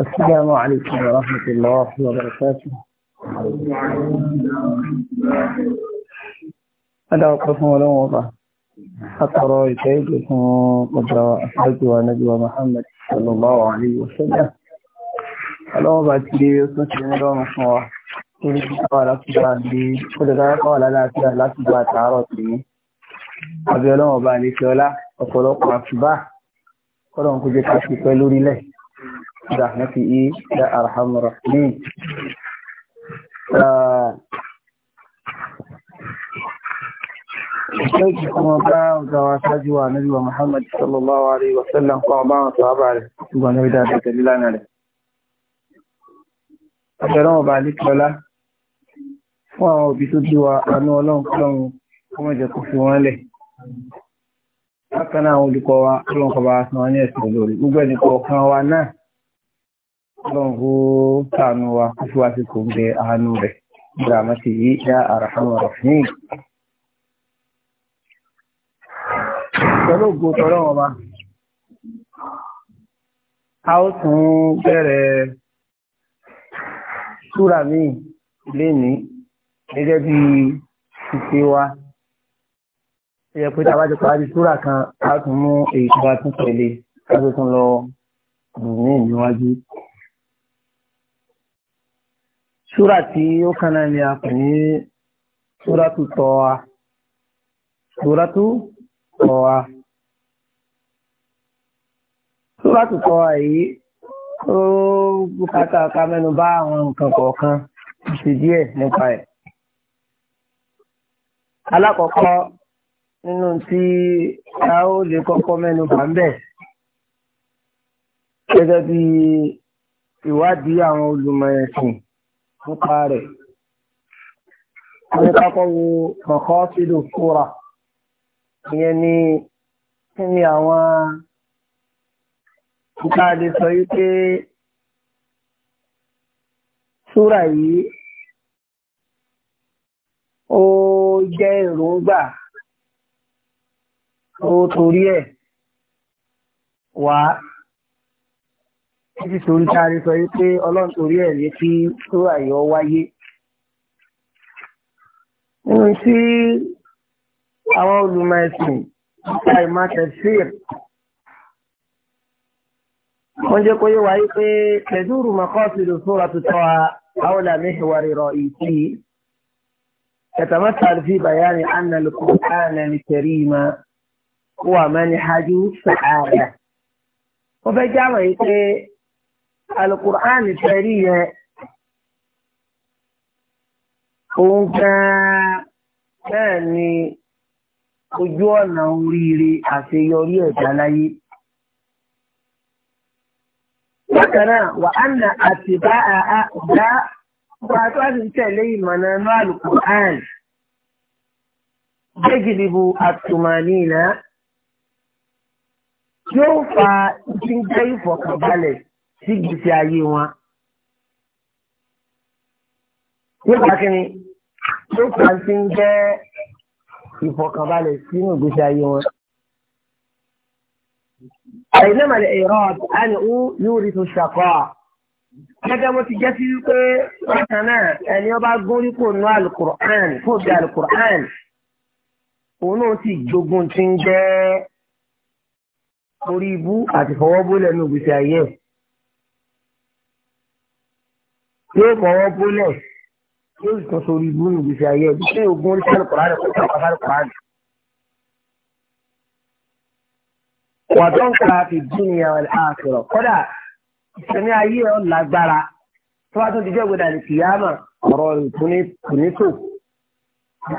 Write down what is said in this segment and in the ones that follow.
السلام عليكم ورحمة الله وبركاته أنا أقف ولا وضع أقرأ يتعيد قدر أحد ونجوى محمد صلى الله عليه وسلم الوضع الكبير يسمى الله torí bí káwà láti bá lè ó lè káwà káwà lálàáfíà láti bá tààrọ̀ tèmi àbí ọlọ́run ọba àlefẹ́ ọlá ọ̀pọ̀lọpọ̀ àtúbà ọlọ́run kò jẹ́ ká fi pẹ́ lórílẹ̀ ìdá láti í dá àràhàmùrà ní Ṣéèkì kuma bá gawa sáájú wa Nabi wa Muhammad sallallahu alaihi wa sallam kuma bá wọn sọ́ọ́bà rẹ̀ ṣùgbọ́n ní ìdá tẹ̀lé lánàá rẹ̀. Àṣẹ náà bá ní fún àwọn òbí tó bí wa àánú ọlọ́run kọ́lọ́run kọ́mọ̀ jẹ́ kó fi wọ́n lẹ̀ bákan náà àwọn olùkọ́ wa kọ́lọ́run kọ́ bá wa san wọ́n ní ẹ̀sìn lórí gbogbo ẹnì kọ̀ọ̀kan wa náà kọ́lọ́run kó sànù wa kó fi wá sí pẹ̀lú ògbó tọ́lọ́ wọn a ó tún bẹ̀rẹ̀ súra míì lénìí gẹ́gẹ́ bí ṣíṣe wa ó yẹ pé tá a bá ti parí súrà kan a tún mú èyí tó bá tún tẹ̀lé ká tó tún lọ dùn ní ìníwájú. súrà tí ó kàn náà ni a pè ní súrà tó tọ́ wa súrà tó tọ́ wa. súrà tó tọ́ wa yìí ó bùkátà ká mẹ́nu bà àwọn nǹkan kọ̀ọ̀kan ṣe díẹ̀ nípa ẹ̀ alákọ̀ọ́kọ́ nínú tí a ó lè kọ́kọ́ mẹ́nu bà ń bẹ̀ gẹ́gẹ́ bí ìwádìí àwọn olùmọ̀ ẹ̀sìn nípa rẹ̀ ní kákọ́ wo kọ̀kọ́ sílò kóra ìyẹn ni kí ni àwọn nǹkan àlè sọ yìí pé súrà yìí ó jẹ́ èròǹgbà ó torí ẹ̀ wá títí torí sáré sọ pé ọlọ́run torí ẹ̀ yé kí tó àyọ wáyé nínú tí àwọn olùmọ̀ ẹ̀sìn nípa ìmọ̀ wọ́n jẹ́ kó yé wáyé pé tẹ̀dúrù mọ̀kọ́ sí lòsóra àwọn isii? تتمثل في بيان أن القرآن الكريم هو منهج السعادة وبجمعك القرآن الكريم هو كان ojú ọ̀nà oríire àṣeyọrí ẹ̀dá láyé. Gba tó a ti ń tẹ̀lé ìmọ̀nà inú àlùkò àn. Gbégidìbò àtùmọ̀nìyàn yóò fa ìpínjẹ́ ìfọ̀kànbalẹ̀ sí gbèsè ayé wọn. Nípa kíni, yóò fa ìpínjẹ́ ìfọ̀kànbalẹ̀ sínú ìgbésí ayé wọn. Àìlẹ́màlẹ̀ ìrọ̀ àni ó yóò rí tó ṣàkọ́ gẹ́gẹ́ bó ti jẹ́ sí wípé bákan náà ẹni ọba górí kò nú alukur'an kò bí alukur'an òun náà sì jogun ti ń jẹ́ orí ibú àti fọwọ́ bólẹ̀ ní ògbésí ayé yóò fọwọ́ bólẹ̀ yóò sì tún sórí ibú ní ògbésí ayé bí pé ogun orí alukur'an kò tún àpá alukur'an. wàtọ́ ń kọ́ àfi dúnìyà wal akhirah kódà ìsẹ̀mí ayé ọ̀ lágbára tó bá tún ti jẹ́ ìgbéra ní kìyàmà ọ̀rọ̀ ìkùnítò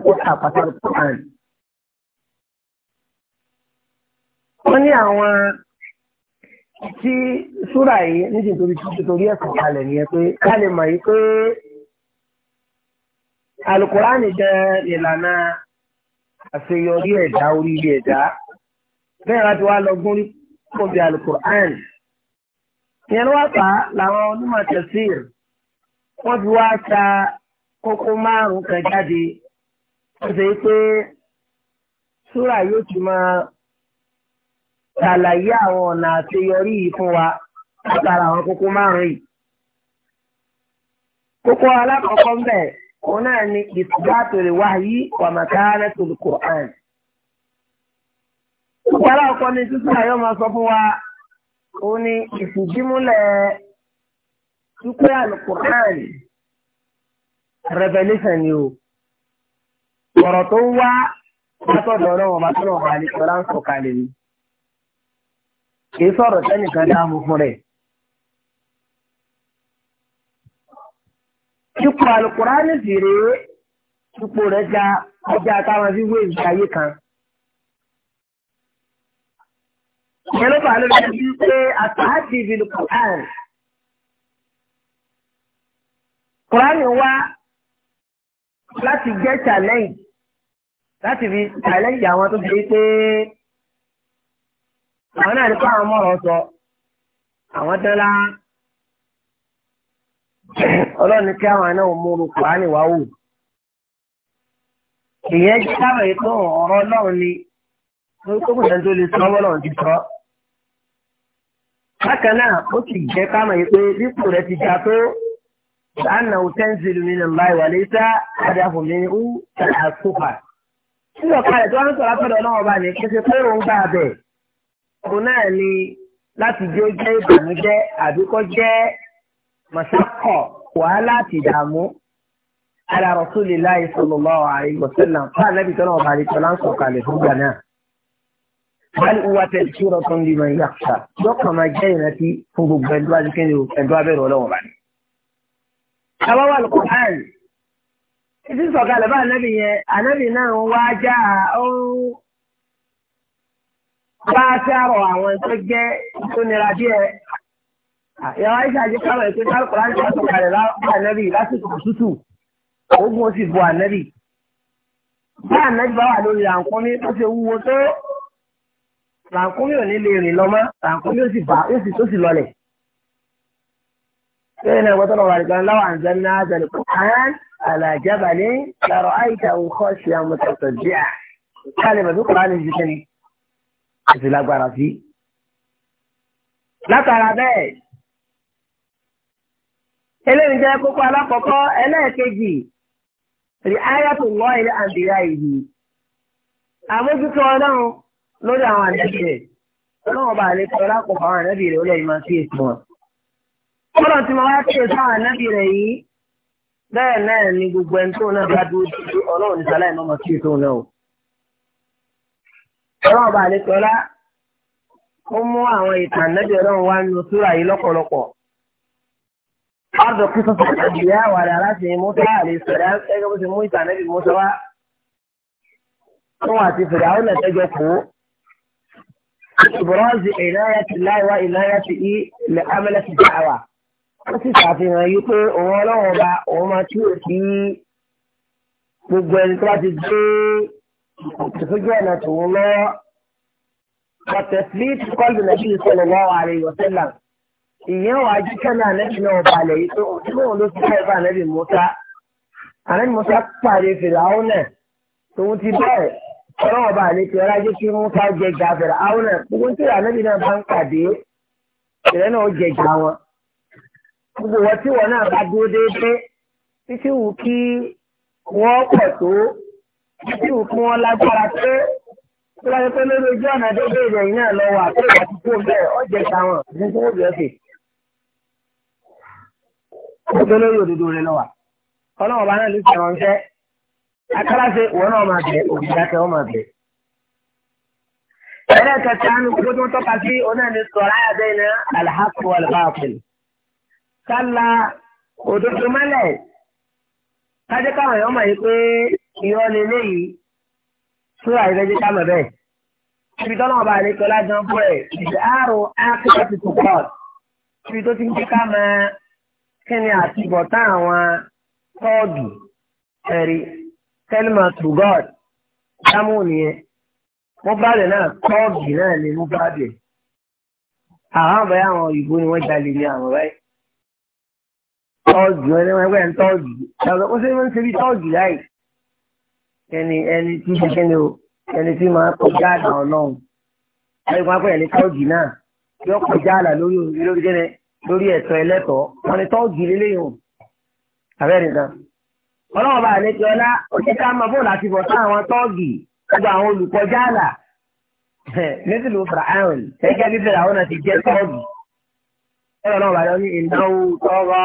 ó sàpàtà kùrán. wọ́n ní àwọn tí súrà yìí nítorí nítorí ẹ̀sùn kalẹ̀ nìyẹn pé ká lè mọ̀ yìí pé alukùránì jẹ́ ìlànà àṣeyọrí ẹ̀dá oríire ẹ̀dá bẹ́ẹ̀ láti wá lọ gún kóbi alukùránì ìyẹn ló wá fà á làwọn onímọ̀ tẹ̀síìr wọ́n fi wá ta kókó márùn-ún kan jáde wọ́n ṣe pé súrà yóò ti máa ṣàlàyé àwọn ọ̀nà àṣeyọrí yìí fún wa látara àwọn kókó márùn-ún yìí. kókó alákọ̀ọ́kọ́ ń bẹ̀ òun náà ni ìtúbátòrè wáyé wàmàkárẹ́ tòlùkùrán. kókó alákọ̀ọ́kọ́ ni sísúrà yóò máa sọ fún wa òun ni ìfìdímúlẹ̀ wípé alukur'an revelation ni o ọ̀rọ̀ tó wá látọ̀dọ̀ náà wọn bá tó náà balẹ̀ ọ̀rá ń sọ̀kalẹ̀ ni kìí sọ̀rọ̀ sẹ́nìkan dáàmú fún rẹ̀. ipò alukur'an sì rèé ipò rẹ̀ ga ọjà táwọn fi wé ayé kan. ìyẹn ló bàa lórí ẹbí pé àtàdì ìbìlù kùránì kùránì wá láti jẹ́ challenge láti fi challenge àwọn tó ṣe pé àwọn náà ní kó àwọn mọ̀rọ̀ sọ àwọn dánlá ọlọ́run kí àwọn náà mú un kùránì wá wò ìyẹn jẹ́ káwọn ètò ọ̀rọ̀ náà ni tó kùnà tó lè sọ ọlọ́run ti sọ bákan náà ó sì jẹ́ kámọ̀ yìí pé dípò rẹ̀ ti ga tó lánàá ò tẹ́ǹsìlì mi nàmbá ìwà lẹ́sà àdàfọ̀ mi ń tàà sófà. nígbà kalẹ̀ tí wọ́n ń sọ̀rọ̀ afẹ́dọ̀ náà ọba ní kése pé òun gbà bẹ̀. òun náà ni láti jẹ́ jẹ́ ìbànújẹ́ àbíkọ́ jẹ́ màsákọ̀ wàhálà àti ìdààmú. ala rasulillahi sallallahu alaihi wasallam fún ànábìtọ́ náà ọba àdìtọ́ láǹsọ̀ báyìí wà tẹ̀ ṣúra tó ń bí máa yà ṣá dọ́kàn máa jẹ́ ìrántí fún gbogbo ẹ̀dọ́ adúkẹ́ni o ẹ̀dọ́ abẹ́rẹ́ ọlọ́wọ́ bá ní. àwa wà lóko àrùn ìdí sọ̀kalẹ̀ bá ànábì yẹn ànábì náà ń wá já ọ̀hún bá sáró àwọn tó jẹ́ tó nira díẹ̀. ìyàwó ayé ṣàjẹ́ káwọn ètò ìtàkùrọ̀ àti àtọ̀kalẹ̀ bá ànábì lásìkò tútù ogun ó sì bu ànábì. bá ànábì bá wà lórí àǹkọ́ni ó ṣe wúwo tó ràǹkúmí ò ní lè rìn lọ mọ́ ràǹkúmí ó sì bá ó sì tó sì lọlẹ̀. Bẹ́ẹ̀ náà gbọ́dọ̀ wà nìkan láwọn àǹzẹ́ ní àjẹlẹ̀ kò kán àlàjábà ní lọ́rọ̀ àìjà òkọ́ ṣe àmọ̀tọ̀tọ̀ díà. Káàlẹ̀ bẹ̀rẹ̀ kò láti ṣiṣẹ́ ni. Àti lágbára sí. Látara bẹ́ẹ̀. Eléyìí jẹ́ kókó alákọ̀ọ́kọ́ ẹlẹ́ẹ̀kejì. Rí ayatollah ilé àǹdíyá yìí. Àmójútó ọlọ́run lórí àwọn àdẹ́bí rẹ̀ ọlọ́wọ́n bá lè kọ́ lápòpọ̀ àwọn àdẹ́bí rẹ̀ ó lè máa fi èsì wọn. ọlọ́run tí mo wá kí èsì àwọn àdẹ́bí rẹ̀ yìí bẹ́ẹ̀ náà ni gbogbo ẹni tóun náà bá dúró dúró ọlọ́run nípa láì mọ́mọ́ kí èsì òun náà o. ọlọ́run bá lè kọ́lá ó mú àwọn ìtàn àdẹ́bí ọlọ́run wá nu súrà yìí lọ́pọ̀lọpọ̀. ọ̀dọ̀ kúsọ̀sọ̀ sọ̀rọ̀ ẹgbẹ́ bó إبراز عناية الله وعنايته لعملة الدعوة wọ́n sì ṣàfihàn yìí pé òun ọlọ́run ọba òun máa túwò sí gbogbo ẹni tó bá ti gbé ìtòsójú ọ̀nà tòun lọ́wọ́ dr smith kọlu nàbí sallallahu alaihi wa sallam ìyẹn wàá jí kánà ànẹ́bí náà balẹ̀ yìí pé òun lóun ló ti bẹ́ẹ̀ ànẹ́bí musa ànẹ́bí musa pàdé fèrè àwọn náà tòun ti bẹ́ẹ̀ ọlọ́wọ́ bá àlejò ọlá jẹ́ kí wọ́n ká jẹ gàbẹ̀rẹ̀ àwọn náà gbogbo tí ànábì náà bá ń pàdé ìrẹ́ náà ó jẹ gà wọn. gbogbo wọn tí wọn náà bá dúró déédéé títí wù kí wọ́n pọ̀ tó títí wù kí wọ́n lágbára tó tó láyé pé lórí ojú ọ̀nà déédéé ìrẹ̀yìn náà lọ wà pé ìgbà bẹ́ẹ̀ ó jẹ gà wọn ní tí wọ́n bí ọ̀sẹ̀. ó akálàṣe wọn náà máa bẹ òbíjà tẹ wọn máa bẹ. ẹ̀rẹ́ kẹta ní gbogbo tó ń tọ́ka sí onáàní sọ̀rọ̀ ayàbẹ́ iná alhaqu wal batil. sálà òdodo mọ́lẹ̀ kájẹ́ káwọn èèyàn mọ̀ yìí pé ìyọ́ ni léyìí súrà ìrẹ́jẹ́ ká mọ̀ bẹ́ẹ̀. ibi tọ́lọ́ ọba àlejò lájọ́ bú ẹ̀ ìdáàrò ákẹ́kọ̀ọ́ ti tó pọ̀ ibi tó ti ń ká máa kíni àtibọ̀tán àwọn tọ́ọ̀dù ẹ̀rí kẹ́lìmà to God dámú nìyẹn mobile náà kọ́ọ̀gì náà ni mobile àwọn àbáyé àwọn òyìnbó ni wọ́n jalè ní àwọn báyìí tọ́ọ̀gì wọn ni wọ́n gbẹ́ tọ́ọ̀gì ó sì ń ṣe bí tọ́ọ̀gì láì ẹni ẹni tí ṣe kí ni o ẹni tí máa kọjá àdá ọlọ́run ẹni máa pẹ̀lú tọ́ọ̀gì náà yóò kọjá àlà lórí lórí ẹ̀tọ́ ẹlẹ́tọ̀ọ́ wọn ni tọ́ọ̀gì lélẹ́yìn o àbẹ́rẹ́ ọlọ́run bá àlejò ọlá òṣìṣẹ́ àmọ́ bóòlù àti bọ̀ sáwọn tọ́ọ̀gì gbogbo àwọn olùkọjá àlà nítorí fìràhàn gẹ́gẹ́ bí fìràhàn náà ti jẹ́ tọ́ọ̀gì ọlọ́run náà bàjọ́ ní ìnáwó tọ́wọ́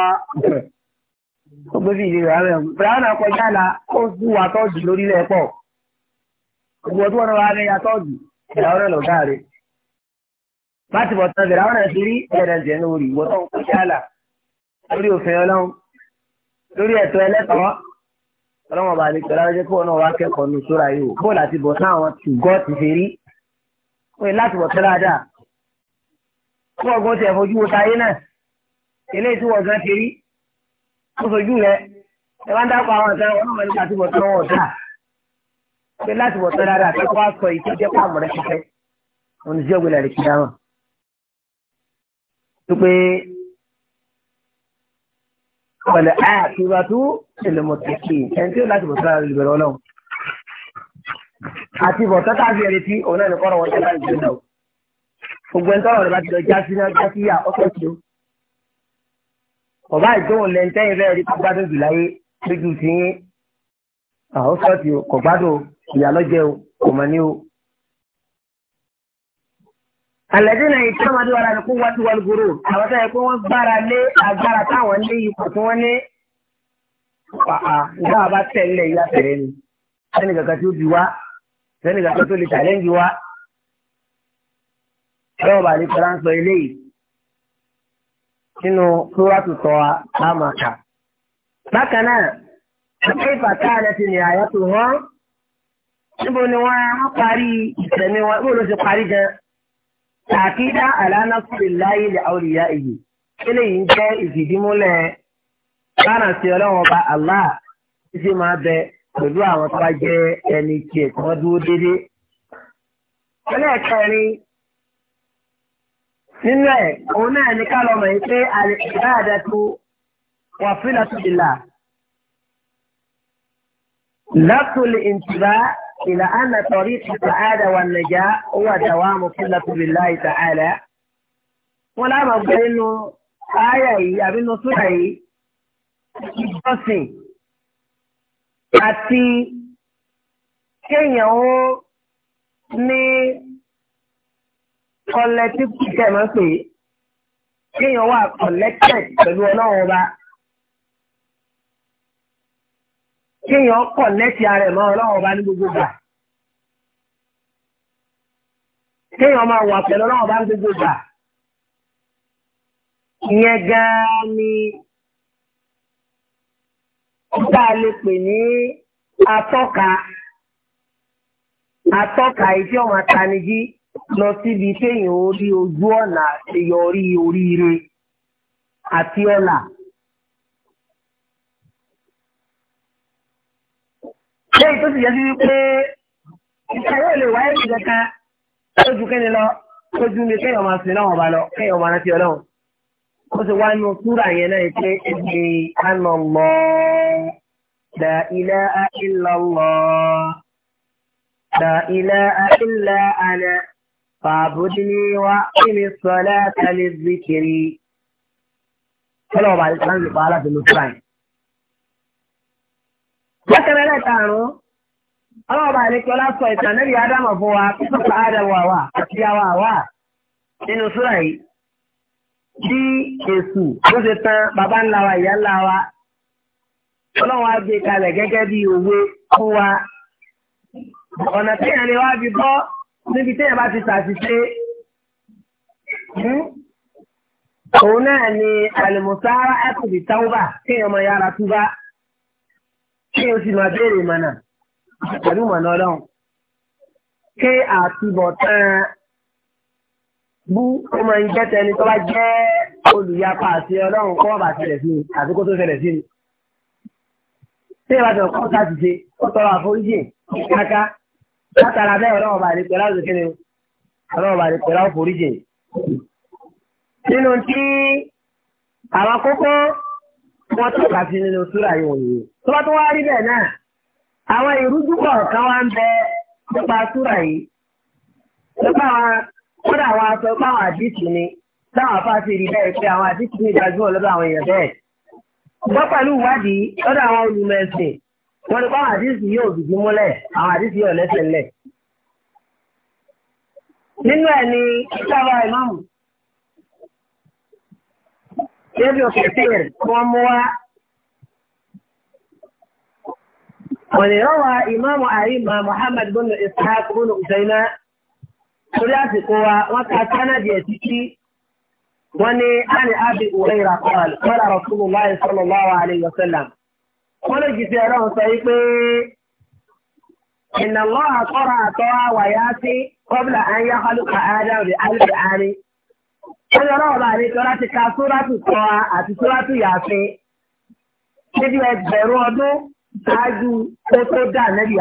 gbogbo sí ìdílé rẹ̀ fìràhàn náà kọjá àlà ó sì wà tọ́ọ̀gì lórílẹ̀ pọ̀ gbogbo tí wọ́n náà wà á rẹ̀ ya tọ́ọ̀gì fìràhàn náà lọ́gá rẹ̀ láti bọ̀ tán fìràhàn náà ti rí ẹ̀rẹ̀ǹtẹ̀ lórí ìwọ́tọ̀ kọjá àlà lórí òfin ọlọ́run lórí ẹ̀tọ́ ẹlẹ́tọ̀ọ́ ọlọ́wọ́n bá lè pẹ̀lú ajé kó náà wá kẹ́kọ̀ọ́ ní ìṣúra yìí o bóòlù àti bọ̀tán àwọn tùgọ́ ti ṣe rí pé láti bọ̀tán dáadáa kó ọgbọ́n tiẹ̀ fojú wo táyé náà eléyìí tí wọ́n gan ti rí ó sojú rẹ ẹ bá ń dákọ̀ àwọn ọ̀tá ọlọ́wọ́n nípa ti bọ̀tán wọn ọ̀tá pé láti bọ̀tán dáadáa kí wọ́n á sọ ìtú jẹ́ pàmò rẹ òun ti ṣe pẹ̀lẹ́ àkíwá tó ṣẹlẹ̀ mọ̀tẹ́kì ẹni tí ó láti bọ̀ sára rẹ̀ bẹ̀rẹ̀ ọlọ́run. àti bọ̀ tọ́ta fi ẹni tí òun náà ní kọ́rọ̀ wọn jẹ́ láì jẹ́ náà. gbogbo ẹni tọ́rọ̀ rẹ̀ bá ti lọ já sí náà já sí yà ọ́kẹ́ tó. ọ̀bá ìdóhùn lẹ́ńtẹ́yìn rẹ̀ rí gbádùn jù láyé lójú ti yín. àwọn sọ́ọ̀tì kò gbádùn ìyàlọ́jẹ́ o kò mọ̀ ní o àlẹ́dínà ìtọ́mọdé wàrà nìkú wá sí wàlúgbòrò àwọn tó yẹ pé wọ́n gbára lé agbára táwọn ní ipò tí wọ́n ní pàà ìgbà bá tẹ̀lé ìyá tẹ̀lé ni sẹ́ni kankan tí ó bi wá sẹ́ni kankan tó lè tàlẹ́ǹdì wá lọ́wọ́ bá lè tọ́lá ń sọ eléyìí nínú sóràtù tọ́ a àmàkà. bákan náà ṣé ìfàtà rẹ̀ ti ní àyàtò hàn níbo ni wọ́n á parí ìtẹ̀mí wọn níbo ló ṣe parí gan-an. Àkídá àlánàfíì láyé lè àwòrìyá èyí. Eléyìí ń jẹ́ ìfìdímúlẹ̀ bárànsì ọlọ́run ọba Allah tí ṣe máa bẹ pẹ̀lú àwọn tó bá jẹ́ ẹni tiẹ̀ tí wọ́n dúró déédéé. Ẹlẹ́ẹ̀kẹrin nínú ẹ̀ òun náà ní ká lọ mọ̀ yín pé al-ibadatu wafilatu billah. Látòlè ìtìbá إلى أن طريق السعادة والنجاة هو دوام صلة بالله تعالى ولا مبدأ إنه آية أبي إنه سورة ìjọsìn àti kéèyàn ó ní collective system pé kéèyàn wà connected pẹ̀lú ọlọ́run ọba. kéèyàn kọ̀ lẹ́sí ara ẹ̀ mọ́ ọlọ́run ọba ní gbogbo gbà. kéèyàn máa wà pẹ̀lú ọlọ́run ọba ní gbogbo gbà. ìyẹn gan-an ni tá a lè pè ní atọ́ka atọ́ka ìdí ọmọ àtanijí lọ síbi kéèyàn ó rí ojú ọ̀nà àṣeyọrí oríire àti ọ̀la. ṣé ìtò sì yẹ sí wípé ìṣàwé lè wáyé ní kankan lójú kẹ́ni lọ lójú mi kéèyàn máa sin náà ọba lọ kéèyàn máa rántí ọlọ́run ó sì wá nínú súrà yẹn náà pé ibi àná lọ la ilaha illallah la ilaha illa ana fa'budni wa qimi salata li dhikri. Kọ́lọ̀ ọba ìsàlẹ̀ ń lè pa aláàbò yẹn. Bákẹ́rẹ́ lẹ́kàrún, ọlọ́ọ̀bà àlejò lásọ ìtàn níbi Ádámù fún wa, pípọ̀ Ádámù àwà àti àwà àwà nínú súrà yìí. Bí èsù ló ṣe tan bàbá ńlá wa ìyá ńlá wa, ọlọ́run á gbé kalẹ̀ gẹ́gẹ́ bí òwe fún wa. Ọ̀nà téèyàn lè wá fi bọ́ níbi téèyàn bá ti ṣàṣìṣe. Hmm? Òun náà ni àlùmọ̀sára ẹ̀kùn ìtàwọ́bà téèyàn mọ yára túbá kí o sì máa béèrè mọ̀nà pẹ̀lú mọ̀nà ọlọ́run kí àtibọ̀tán bú ó máa ń jẹ́ tẹni tó bá jẹ́ olùyapa àti ọlọ́run kọ́ bá ṣẹlẹ̀ sí mi àti kó tó ṣẹlẹ̀ sí mi. tí ìwà tó kọ́ sáà ti ṣe ó tọrọ àforíjì kíáká látara bẹ́ẹ̀ ọlọ́run bá rí pẹ̀lú àwọn ìṣẹ́ni ọlọ́run bá rí pẹ̀lú àforíjì. nínú tí àwọn kókó wọ́n tọ́ka sí nínú súrà yìí wọ̀nyí. tó bá tó wá rí bẹ́ẹ̀ náà àwọn ìrújú kọ̀ọ̀kan wá ń bẹ nípa súrà yìí. nípa àwọn kódà àwọn aṣọ pé àwọn àdìsí ni táwọn afáàsì rí bẹ́ẹ̀ pé àwọn àdìsí ni ìdájọ́ lọ́dọ̀ àwọn èèyàn bẹ́ẹ̀. ṣùgbọ́n pẹ̀lú ìwádìí lọ́dọ̀ àwọn olùmẹ̀sìn wọ́n ní báwọn àdìsí yóò dùdú múlẹ̀ àwọn àdìsí yóò lẹ́sẹ̀ lẹ̀. nínú ẹ̀ ni ìṣàlọ́ ìmáàmù ibn kathir wọ́n mú wá wani rawa imamu arima muhammad bin ishaq bin usaina sórí àsìkò wa wọ́n ka sanadi ẹ̀ títí wọ́n ní ani abi ureira qala qala rasulullah sallallahu alayhi wa sallam wọ́n lè jìtì ẹ̀rọ sọ yìí pé inna allaha qara'a ta'a wa yasi qabla an yakhluqa adam bi alfi ani. Ọlọ́rọ̀ ọba àlejò láti ka sóràtù àti sóràtù yàfẹ́. Níbi ẹgbẹ̀rún ọdún ṣáájú tó tó dà nẹ́bí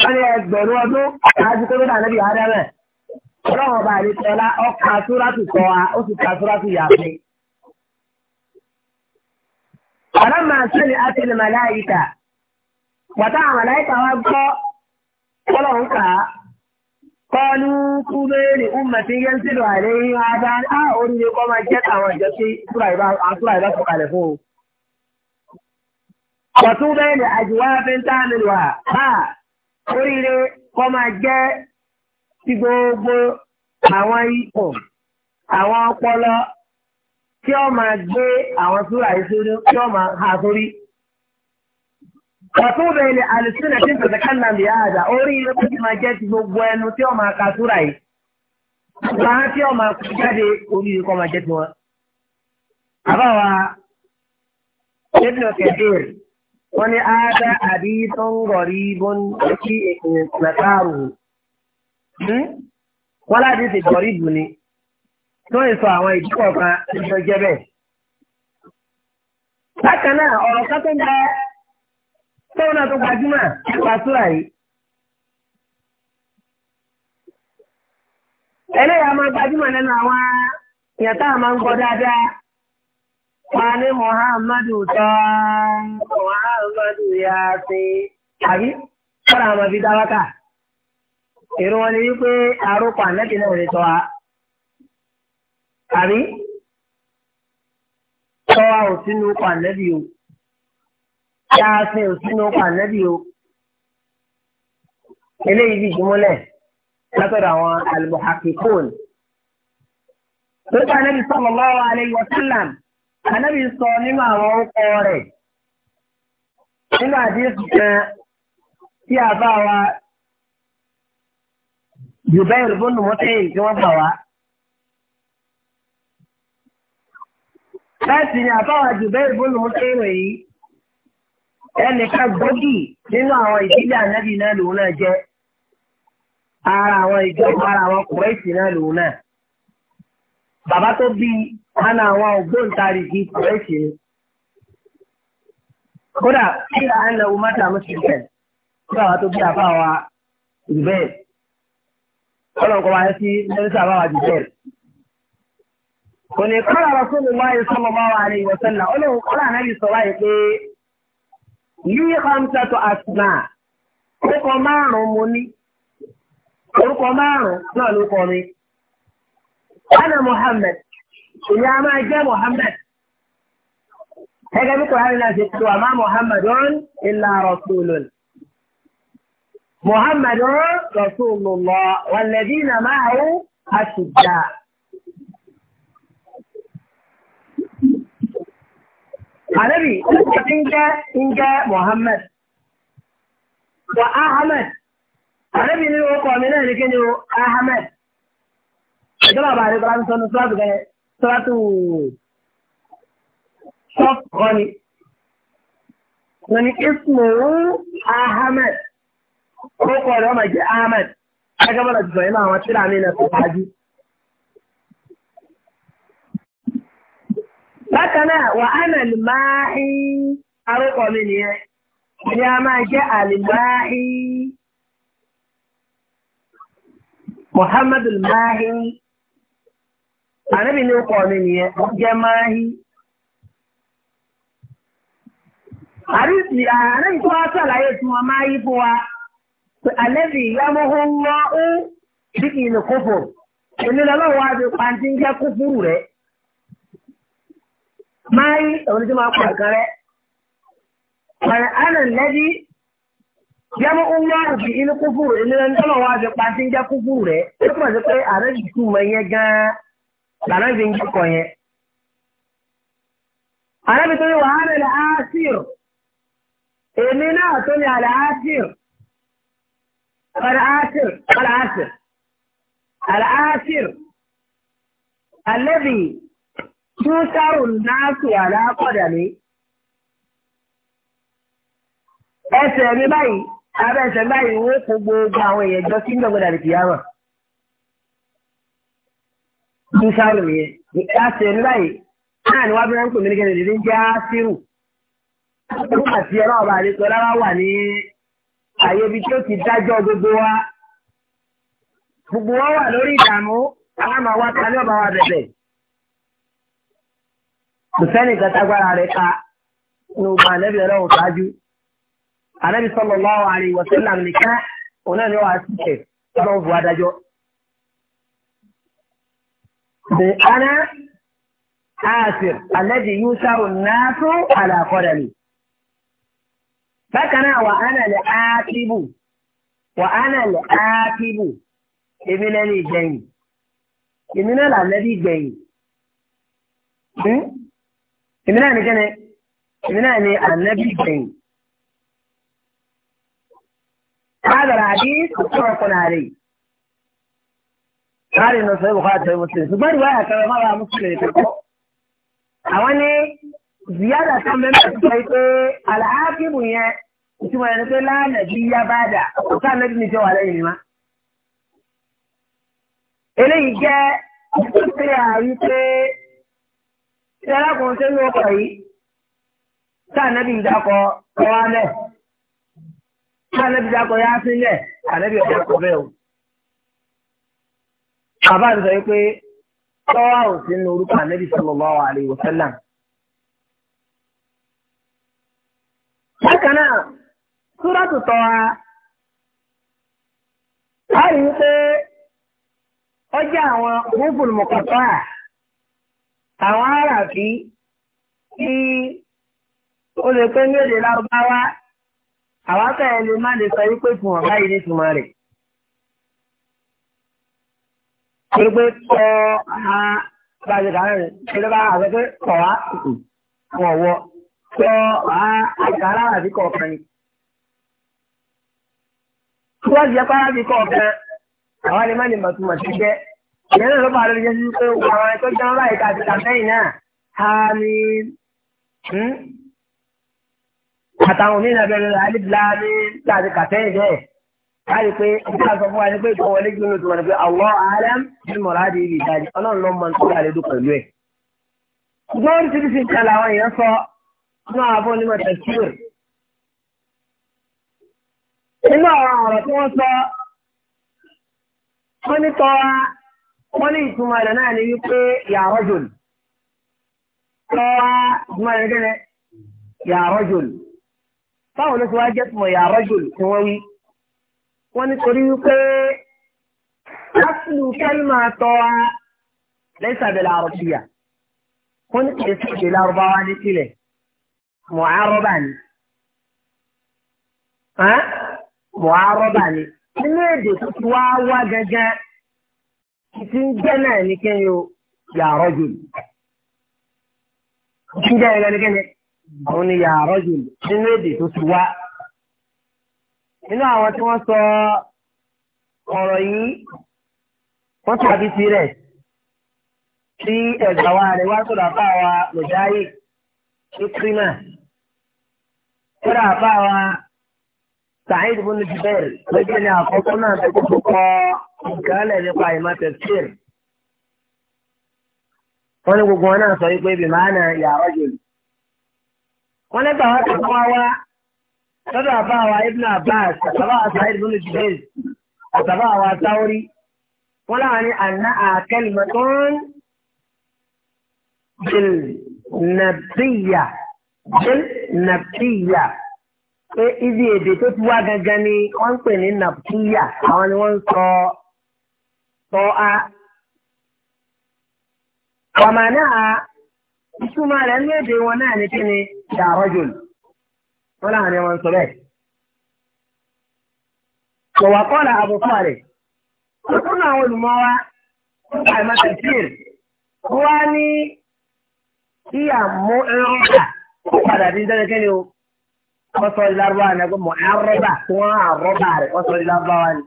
Wọ́n ẹgbẹ̀rún ọdún ṣáájú tó tó dà nẹ́bí Ọlọ́rọ̀ ọba àlejò ọlá ọkà sóràtù kọ́ra ó sì ka sóràtù yàfẹ́. Ọ̀rọ̀ máa sẹ́lẹ̀ àtẹlẹ̀ màláyíkà. Bàtà àwọn màláyíkà wa gbọ́ Ọlọ́run kà kánú kú mẹ́rin ọmọdé yẹn sílò àrẹ yín adá á oríire kọ́ máa jẹ́ àwọn ìjọ sí ìbá sọ̀kalẹ̀ fún o. Ọ̀tún mẹ́rin àjùwá fi ń táàmì oríire kọ́ máa jẹ́ ti gbogbo àwọn ikọ̀ àwọn ọpọlọ tí ó máa gbé àwọn súrà yìí sínú tí máa ha sórí. ọ̀tún bẹ̀rẹ̀ hmm? ni tí ń pèsè kánà lè àjà orí ilé tó ti máa jẹ́ ti gbogbo ẹnu tí ọmọ yìí tí ọmọ jáde orí ilé kọ́ máa jẹ́ ti wọn. àbáwa ṣébìnrin kẹ̀dẹ́r wọ́n ní áádá àbí tó ń rọ̀rí bọ́n kí nàkàrù wọ́n láti ti gọ̀rí bù ni tó ń sọ àwọn ìdíkọ̀ọ̀kan ìjọ jẹ́ bẹ́ẹ̀. bákan náà ọ̀rọ̀ tọ́wọ́ náà tó gbajúmọ̀ nípa súrà yìí. eléyà máa gbajúmọ̀ lẹ́nu àwọn èèyàn máa ń gbọ́ dáadáa. wọ́n ní muhammadu tọ́ muhammadu yá sí àbí kọ́ra àwọn fi dáwọ́kà. èrò wọn ni wípé àròkọ ànẹ́bí náà lè tọ́ àbí yáàfin òsínú pànẹ́bí o eléyìí bí jùmọ́lẹ̀ látọ̀dọ̀ àwọn al-muhaqqiqun. lókè ànábì sallallahu alayhi wa sallam ànábì sọ nínú àwọn orúkọ rẹ̀ nínú àdéhùn kan tí a bá wa Jubair bọ́ọ̀lù mọ́tẹ́yìn tí wọ́n bá wa. láti ní àbáwá Jubair bọ́ọ̀lù mọ́tẹ́yìn wọ̀nyí ẹnìkan gbòógì nínú àwọn ìdílé ànábì náà lòun náà jẹ́ ara àwọn ìjọba ara àwọn kùrẹ́sì náà lòun náà bàbá tó bí hánà àwọn ògbóǹtarìgì kùrẹ́sì ni kódà kíra ẹ̀ lọ́wọ́ mọ́tà mọ́sílẹ̀ kí bàbá tó bí àbá wa ìbẹ́ẹ̀ ọlọ́nkọ́ wa sí mẹ́rísà àbá wa ìbẹ́ẹ̀ kò ní kọ́ra rasulullah sallallahu alaihi wa sallam ọlọ́run kọ́ra ànábì sọ wáyé pé. Yíyí Hamsatu Asma, orúkọ márùn-ún mo ní. Orúkọ márùn-ún náà ló kọ mi. Ana Muhammad, ìyá máa jẹ́ Muhammad. Gẹ́gẹ́ bí Kùránì náà ṣe tó àmá Muhammadun illa Rasulun. Muhammadun Rasulullah, wal ladina ma'ahu ashidda. عربي انت انت محمد واحمد عربي اللي هو من اهل كنو احمد ادرا بعد ادرا من صلاه بقى صلاه صف غني غني اسمه احمد هو قرر ما جاء احمد حاجه ما لا تفهمها ما تشيل عليه نفسه حاجه Bákan náà, wà á nà lè máa ń a Muhammadu Máhi. Àníbi ní ọkọ̀ mi na ó jẹ́ Máhi. Àríṣì àárín tó wá sàlàyé tí ya máa wa. Àlẹ́bì yámúhú ń lọ wa ti pàǹtí ń mayi àwọn oníjọ́ máa pọ̀ nǹkan rẹ̀. Ọ̀rẹ́ àná lẹ́bí jẹ́mú ńlá òbí fi pa sí ń jẹ́ kúfúrú rẹ̀. Ó túmọ̀ sí pé ààrẹ jùkú mọ yẹn gan-an làrá fi ń jẹ́kọ̀ yẹn. Ààrẹ mi tó ní Túntàrùn náà na àlápọ̀dà ní. Ẹsẹ̀ mi báyìí, abẹ́ ẹsẹ̀ báyìí wọ́n kó gbogbo àwọn èèyàn jọ sí ìjọba àti ìyáwó. Túntàrùn yẹn, ẹsẹ̀ mi báyìí, náà ni wọ́n fi ń pè mí ní kẹ́lẹ́ ní jẹ́ Ásírù. Nígbà tí ẹ̀rọ gbogbo wa kò sẹ́nìkan tágbára rẹ̀ ká ní ogun ànábì ọlọ́run ṣáájú ànábì sallallahu alaihi wa sallam nìkan òun náà ni wàá sì kẹ̀ ọlọ́run bu adájọ́. Bẹ̀ ana ààfin ànábì yusuf náàtú àlàkọ́dàlì. Bákan náà wà á nà lè áàtìbù wà á lè áàtìbù èmi náà ní ìgbẹ̀yìn èmi náà là ànábì ìgbẹ̀yìn. Hmm? èmi náà ní kíni èmi náà ní ànábì gbẹ̀yìn. هذا الحديث متفق عليه قال انه صحيح البخاري صحيح مسلم ṣùgbọ́n ìwáyà kan máa bá mùsùlùmí kẹ́kọ̀ọ́ àwọn ní ziyada kan bẹ́ẹ̀ bẹ́ẹ̀ sọ pé alhaakimu yẹn ìtumọ̀ yẹn ni pé lánàá bí yá bá dà ọ̀tá nàbí mi jẹ́ lẹ́yìn ma. eléyìí jẹ́ ìtúsíra arákùnrin tó ní ọkọ̀ yìí sáànẹ́bí ìdákọ̀ ọwá lẹ̀ sáànẹ́bí ìdákọ̀ yá sílẹ̀ ànẹ́bí ọ̀dọ́ kọ̀ bẹ́ẹ̀ o. bàbá mi sọ pé tọ́wá ò sí ala orúkọ ànẹ́bí láì wípé ọjà àwọn òfúrufú mọ̀kàtọ́ à. àwọn àràfí tí ó lè pé ní èdè lárúbáwá àwọn akẹ́yẹ lè má lè sọ wípé fún wọn báyìí ní ìtumọ̀ rẹ̀. pé kọ́ ha bàjẹ́ kàá rẹ̀ ṣe ló bá àṣẹ pé kọ̀ wá wọ̀ wọ̀ kọ́ ha àkàrà àti kọ̀ọ̀kan ni. tí wọ́n ti jẹ́ pàrọ̀ àti kọ̀ọ̀kan àwọn lè má lè mọ̀túmọ̀ sí jẹ́ ìyẹn náà ló bá lórí yẹn pé àwọn ẹni tó jẹun láì ká àti kàtẹ́yìn náà ha ni hmm? àtàwọn onílẹ̀ abẹ́rẹ́ alíbìlá ní láti kàtẹ́yìn bẹ́ẹ̀ káyọ̀ pé ìdílé àṣọ fún wa ni pé ìtọ́ wọlé gbé lóṣù wọ́n ní ìtumọ̀ rẹ̀ náà ni wípé yàrá jòl lọ́wọ́ ìtumọ̀ rẹ̀ gẹ́gẹ́ yàrá jòl báwo ló ti wá jẹ́ tùmọ̀ yàrá jòl tí wọ́n wí wọ́n nítorí wípé lásìlú kẹ́lìmà tọ́ra lẹ́sàbẹ̀lẹ̀ àròkìyà wọ́n ní kìí sí ìdè lárúbáwá ní sílẹ̀ mọ̀árọ́bà ni mọ̀árọ́bà ni nínú èdè tó ti wá wá gẹ́gẹ́. ìtì ń jẹ́ náà ní kí n yo ya rajul. ìtì ń jẹ́ náà ní kí ni òun ni ya rajul nínú èdè tó ti wá. nínú àwọn tí wọ́n sọ ọ̀rọ̀ yìí wọ́n tàbí tirẹ̀ tí ẹ̀gbà wa rẹ̀ wá sọ̀rọ̀ àbá wa lọ́jà yìí ní kírímà. sọ̀rọ̀ àbá wa. سعيد بن جبير لكن يا فطنة تكفقا قال لي قائمة تذكير ونقول قوانا صريق بمعنى يا رجل ونبهت قوانا تبع فاوى ابن عباس تبع سعيد بن جبير تبع ثوري ولا أني أن كلمة بالنبية بالنبية pé ibi èdè tó ti wá gangan ni wọ́n ń pè ní àwọn ni wọ́n ń sọ sọ á. Ọ̀mà náà ìtumọ̀ rẹ̀ ní èdè wọn náà ni kí ni dàrọ́jòl. Wọ́n náà ni wọ́n sọ bẹ́ẹ̀. Sọ̀wọ́ kọ́lá àbùkọ́ rẹ̀. Òtún àwọn olùmọ̀ wa àìmọ̀tẹ̀ tíìrì. Wọ́n á ní kí àmú o. wọ́n sọ lárúbáwá ni pé mọ̀ arọ́bà tí wọ́n àrọ́bà rẹ̀ wọ́n sọ lárúbáwá ni.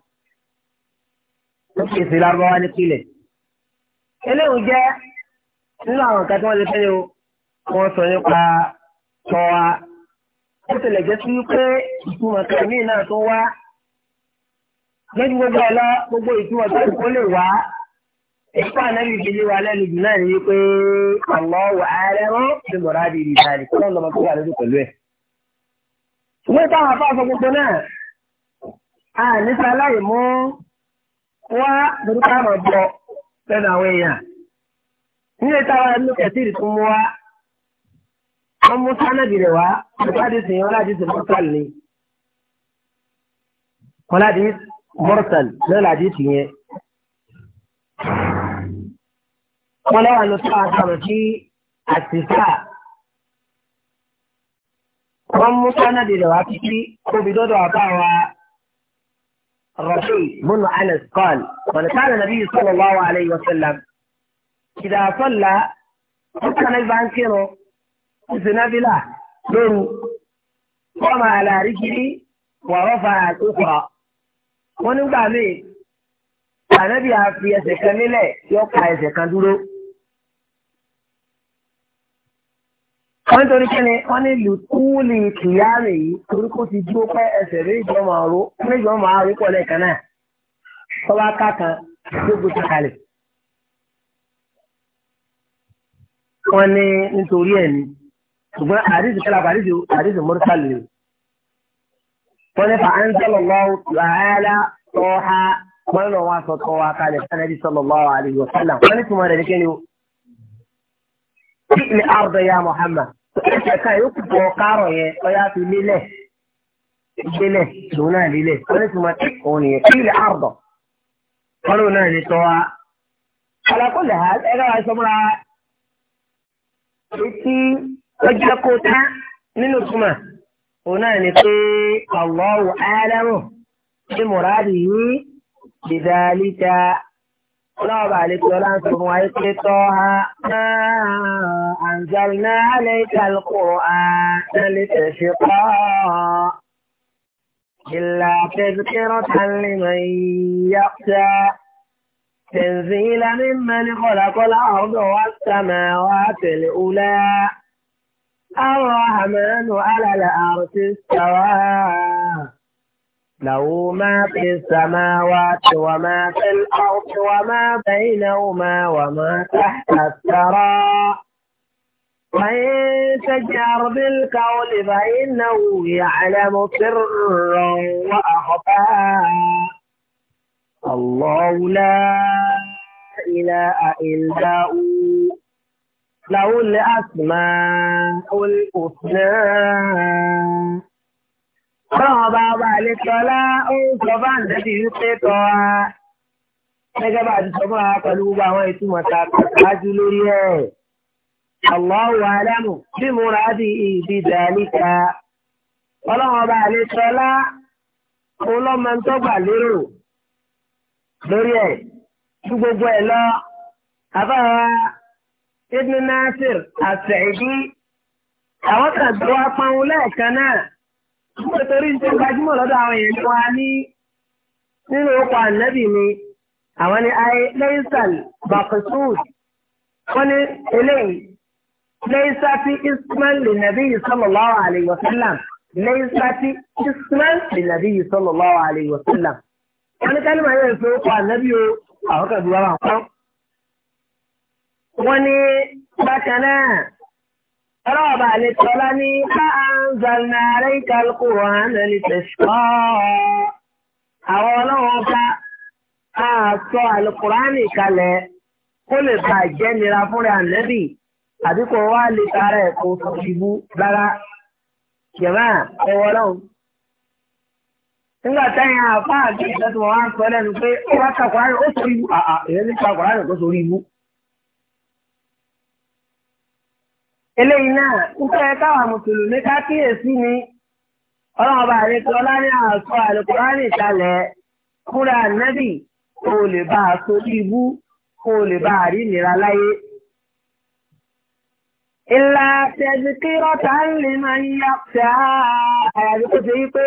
ó sì sí lárúbáwá ní kílẹ̀. eléyìí jẹ́ nínú àwọn nǹkan tí wọ́n ti fẹ́ yìí wọ́n sọ nípa tọ́wa. ó tilẹ̀ jẹ́ sí pé ìtumọ̀ kẹ́mí náà tó wá. lójú gbogbo ọ̀la gbogbo ìtumọ̀ tó kó lè wá. Ìfọ̀ ànábì fi wa lẹ́nu jù náà ní pé àwọn wàhálà ẹ̀rọ ti mọ̀ra di ìdìbò àdìpọ̀ náà lọ́mọ tó wà lórí pẹ̀lú ẹ̀ ṣùgbọ́n táwọn afáàfọ́ gbogbo náà a níta láì mú wá burúkú àmọ̀ bọ̀ lẹ́nu àwọn èèyàn nílé táwọn ẹni kẹ̀sí ìrìkú mú wá wọ́n mú sánàdì rẹ̀ wá ìpàdé sìn wọn láti sìn mọ́tàl ni wọn láti mọ́tàl náà láti tì yẹn. wọ́n lọ́wọ́ ló sọ àtàwọn sí àtìsá wọ́n mú sánàdì rẹ̀ wá títí kóbi dọ́dọ̀ àbáwa rọ̀ṣì múnú anas kọ́ọ̀lù kọ̀lùkánà nàbí sallallahu alayhi wa sallam ìdá sọ́là ọ̀sán náà bá ń kírun ìsìnàbílà lóru kọ́mà àlàrí kiri wàrọ́fà àtúkọ̀ wọ́n nígbà míì ànábì àfi ẹsẹ̀ kan nílẹ̀ yọ pa ẹsẹ̀ kan dúró. wọ́n nítorí kíni wọ́n ní lùtúùlì kìyàrì yìí torí kó ti dúró pẹ́ ẹsẹ̀ rí ìjọ máa ro ní ìjọ máa rí pọ̀ lẹ́ẹ̀kan náà tọ́wá kákan gbogbo ti kalẹ̀. wọ́n ní nítorí ẹ̀ ni ṣùgbọ́n àdìsí kẹlẹ́ àdìsí àdìsí mọ́tàlì rẹ̀. wọ́n ní fa anzalallahu ta'ala tọ́ha wọ́n lọ wá sọ tọ́wá kalẹ̀ sanadi sallallahu alaihi wa sallam wọ́n ní tùmọ̀ rẹ̀ ní kíni o. Ilé àrùdọ̀ ya Muhammad ẹsẹ̀ kan yóò kú bọ̀ kárọ̀ yẹn ọ̀yá fi lélẹ̀ ìgbélẹ̀ lòun náà lélẹ̀ wọ́n ní tí mo ti òun nìyẹn kí ilẹ̀ àrùbọ̀ wọ́n lòun náà ní tọ́wá. alákọ̀ọ́lẹ̀ ha ẹgbẹ́ wa sọ múra etí ọjọ́ kó tá nínú túmọ̀ òun náà ní pé Allahu a'lamu bí mùràdì yìí bidhalika. ọlọ́ọ̀bà àlejò ọlá ń sọ fún wa pé tọ́ ha àǹzàlná àlejò alukoro àtẹ́lẹ̀ tẹ̀sí pọ́ ìlà tẹ̀síkẹ́rọ̀ tánlẹ̀ máa yá ṣá tẹ̀síńlá mímọ́ ní kọ̀lákọ́lá ọ̀dọ̀ wa sàmà wa tẹ̀lé ọlá àwọn àmọ́ ẹnu alàlà àrùtí sàwà. له ما في السماوات وما في الأرض وما بينهما وما تحت الثرى وإن تجهر بالقول فإنه يعلم سرا وأخفى الله لا إله إلا هو له الأسماء الحسنى Ọlọ́run ọba ọba àlejòọlá ó ń sọ bá ń dẹ́bi wípé tọ́ a. Gẹ́gẹ́ bá a ti sọ fún wa pẹ̀lú gbogbo àwọn ìtumọ̀ ta ṣáájú lórí ẹ̀. Allahu alamu bí mo ra bí ibi dàlíkà. Ọlọ́run ọba àlejòọlá òun lọ́ máa ń tọ́gbà lérò lórí ẹ̀. Ju gbogbo ẹ̀ lọ, àbáwá Ibn Nasir àtẹ̀yí. Àwọn kan gbọ́ apá wọn lẹ́ẹ̀kan náà nítorí tó gbajúmọ̀ lọ́dọ̀ àwọn èèyàn wa ní nínú ọkọ̀ ànábì ni àwọn ni ayé lẹ́yìnsàl bàkùsùd wọ́n ní eléyìí lẹ́yìnsàtì ismail lè nàbí yìí sallallahu alayhi wa sallam lẹ́yìnsàtì ismail lè nàbí yìí sallallahu alayhi wa sallam wọ́n ní kálímà yẹn fi o àwọn kan bí wọ́n wà pọ́n. wọ́n ní bákan náà. Ọlọ́ọ̀bà lè tọ́lá ní Káàzàlá Aláìka Al-Qur'an lè tẹ̀sọ́. Àwọn ọlọ́wọ́n bá àṣọ Al-Qur'ani kalẹ̀ kó lè bá jẹ́ nira fúnra ànẹ́bì àbí kò wá lè tara ẹ̀ kó ṣubú rárá. Jẹ̀má ẹ̀wọ̀ ọlọ́run. Nígbà táyà àfáà bí ìṣẹ́ tí wọ́n wá ń sọ lẹ́nu pé ó wá kàkùránì ó sórí ibú. Àà ìrẹsì kàkùránì kó sórí ibú. eléyìí náà nípa ẹ káwọn mùsùlùmí ká kíyèsí ni ọlọ́run ọba àrètò ọlání àṣọ àlùkùránì ìsàlẹ̀ fúnra nẹ́bì kó o lè bá a sojú ibú kó o lè bá a rí ìnira láyé. ìlà tẹ̀síkí ọ̀tá ń lè máa ń yá ṣá àyàfi kó ṣe wípé